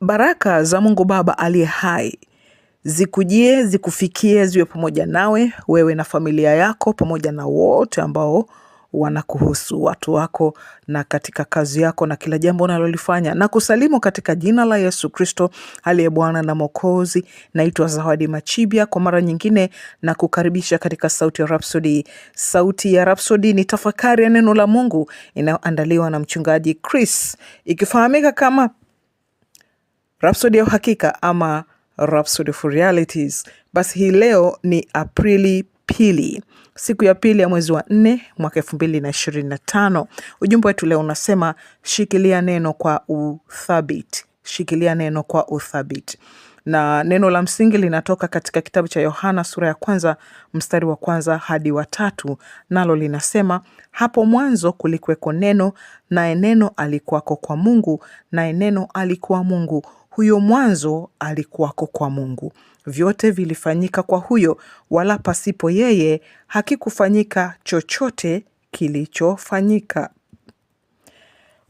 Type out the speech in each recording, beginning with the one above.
Baraka za Mungu Baba aliye hai zikujie, zikufikie, ziwe pamoja nawe wewe na familia yako, pamoja na wote ambao wanakuhusu, watu wako, na katika kazi yako na kila jambo unalolifanya. Na kusalimu katika jina la Yesu Kristo aliye Bwana na mokozi Naitwa Zawadi Machibia kwa mara nyingine, na kukaribisha katika Sauti ya Rhapsody. Sauti ya Rhapsody ni tafakari ya neno la Mungu inayoandaliwa na Mchungaji Chris, ikifahamika kama Rhapsody ya uhakika ama Rhapsody for Realities. Basi hii leo ni Aprili pili, siku ya pili ya mwezi wa nne mwaka elfu mbili na ishirini na tano. Ujumbe wetu leo unasema shikilia neno kwa uthabiti, shikilia neno kwa uthabiti na neno la msingi linatoka katika kitabu cha Yohana sura ya kwanza mstari wa kwanza hadi wa tatu, nalo linasema hapo mwanzo kulikuweko neno, naye neno alikuwako kwa Mungu, naye neno alikuwa Mungu. Huyo mwanzo alikuwako kwa Mungu, vyote vilifanyika kwa huyo, wala pasipo yeye hakikufanyika chochote kilichofanyika.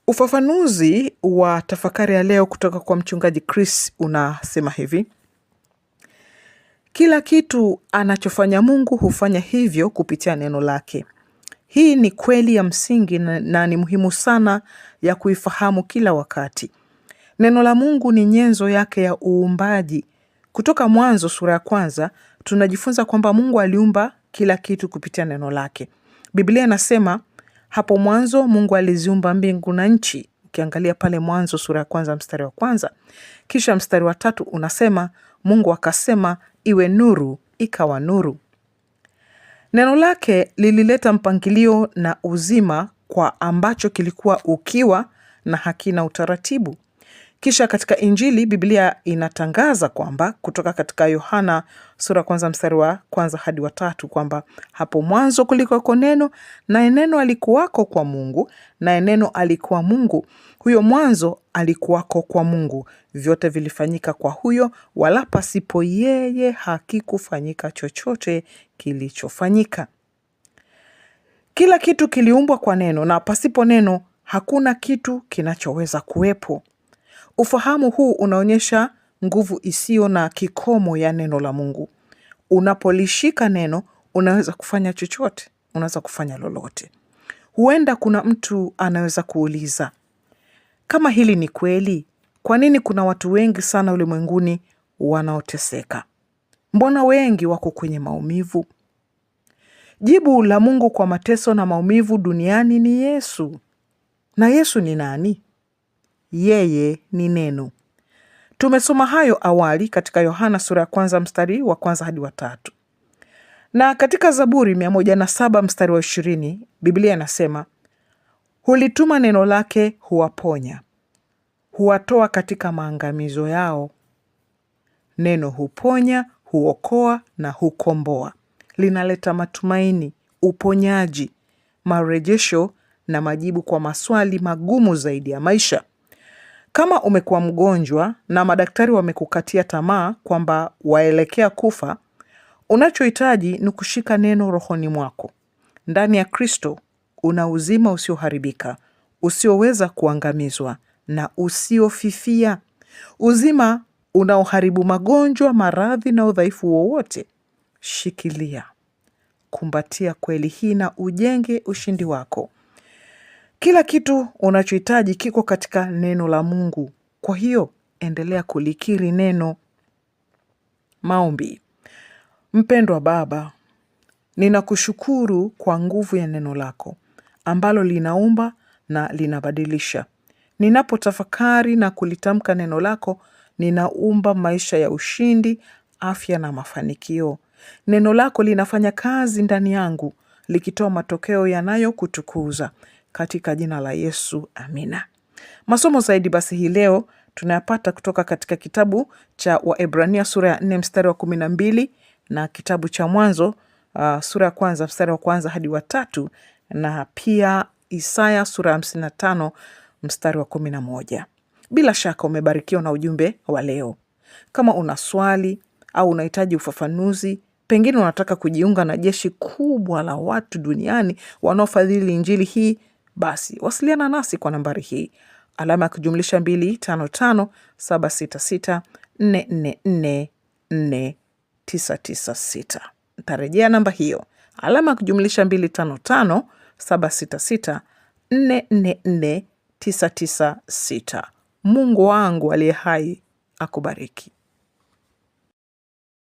Ufafanuzi wa tafakari ya leo kutoka kwa mchungaji Chris unasema hivi: kila kitu anachofanya Mungu hufanya hivyo kupitia neno lake. Hii ni kweli ya msingi na, na ni muhimu sana ya kuifahamu kila wakati. Neno la Mungu ni nyenzo yake ya uumbaji. Kutoka Mwanzo sura ya kwanza tunajifunza kwamba Mungu aliumba kila kitu kupitia neno lake. Biblia inasema hapo mwanzo Mungu aliziumba mbingu na nchi. Ukiangalia pale Mwanzo sura ya kwanza mstari wa kwanza, kisha mstari wa tatu unasema Mungu akasema iwe nuru, ikawa nuru. Neno lake lilileta mpangilio na uzima kwa ambacho kilikuwa ukiwa na hakina utaratibu. Kisha katika Injili Biblia inatangaza kwamba kutoka katika Yohana sura kwanza mstari wa kwanza hadi watatu kwamba hapo mwanzo kulikwako neno, naye neno alikuwako kwa Mungu, naye neno alikuwa Mungu. Huyo mwanzo alikuwako kwa Mungu. Vyote vilifanyika kwa huyo, wala pasipo yeye hakikufanyika chochote kilichofanyika. Kila kitu kiliumbwa kwa neno, na pasipo neno hakuna kitu kinachoweza kuwepo. Ufahamu huu unaonyesha nguvu isiyo na kikomo ya neno la Mungu. Unapolishika neno, unaweza kufanya chochote, unaweza kufanya lolote. Huenda kuna mtu anaweza kuuliza, kama hili ni kweli, kwa nini kuna watu wengi sana ulimwenguni wanaoteseka? Mbona wengi wako kwenye maumivu? Jibu la Mungu kwa mateso na maumivu duniani ni Yesu. Na Yesu ni nani? Yeye ni neno. Tumesoma hayo awali katika Yohana sura ya kwanza mstari wa kwanza hadi wa tatu na katika Zaburi mia mstari wa ishirini Biblia inasema hulituma neno lake, huwaponya, huwatoa katika maangamizo yao. Neno huponya, huokoa na hukomboa. Linaleta matumaini, uponyaji, marejesho na majibu kwa maswali magumu zaidi ya maisha. Kama umekuwa mgonjwa na madaktari wamekukatia tamaa kwamba waelekea kufa, unachohitaji ni kushika neno rohoni mwako. Ndani ya Kristo una uzima usioharibika, usioweza kuangamizwa na usiofifia, uzima unaoharibu magonjwa, maradhi na udhaifu wowote. Shikilia, kumbatia kweli hii na ujenge ushindi wako. Kila kitu unachohitaji kiko katika neno la Mungu. Kwa hiyo endelea kulikiri neno. Maombi. Mpendwa Baba, ninakushukuru kwa nguvu ya neno lako ambalo linaumba na linabadilisha. Ninapotafakari na kulitamka neno lako, ninaumba maisha ya ushindi, afya na mafanikio. Neno lako linafanya kazi ndani yangu, likitoa matokeo yanayokutukuza katika jina la Yesu, amina. Masomo zaidi basi hii leo tunayapata kutoka katika kitabu cha Waebrania sura ya nne mstari wa kumi na mbili na kitabu cha Mwanzo uh, sura ya kwanza mstari wa kwanza hadi wa tatu na pia Isaya sura ya hamsini na tano mstari wa kumi na moja. Bila shaka umebarikiwa na ujumbe wa leo. Kama una swali au unahitaji ufafanuzi, pengine unataka kujiunga na jeshi kubwa la watu duniani wanaofadhili injili hii basi wasiliana nasi kwa nambari hii alama ya kujumlisha 255 766 444 4996. tarejea namba hiyo alama ya kujumlisha 255 766 444 Mungu wangu aliye hai akubariki.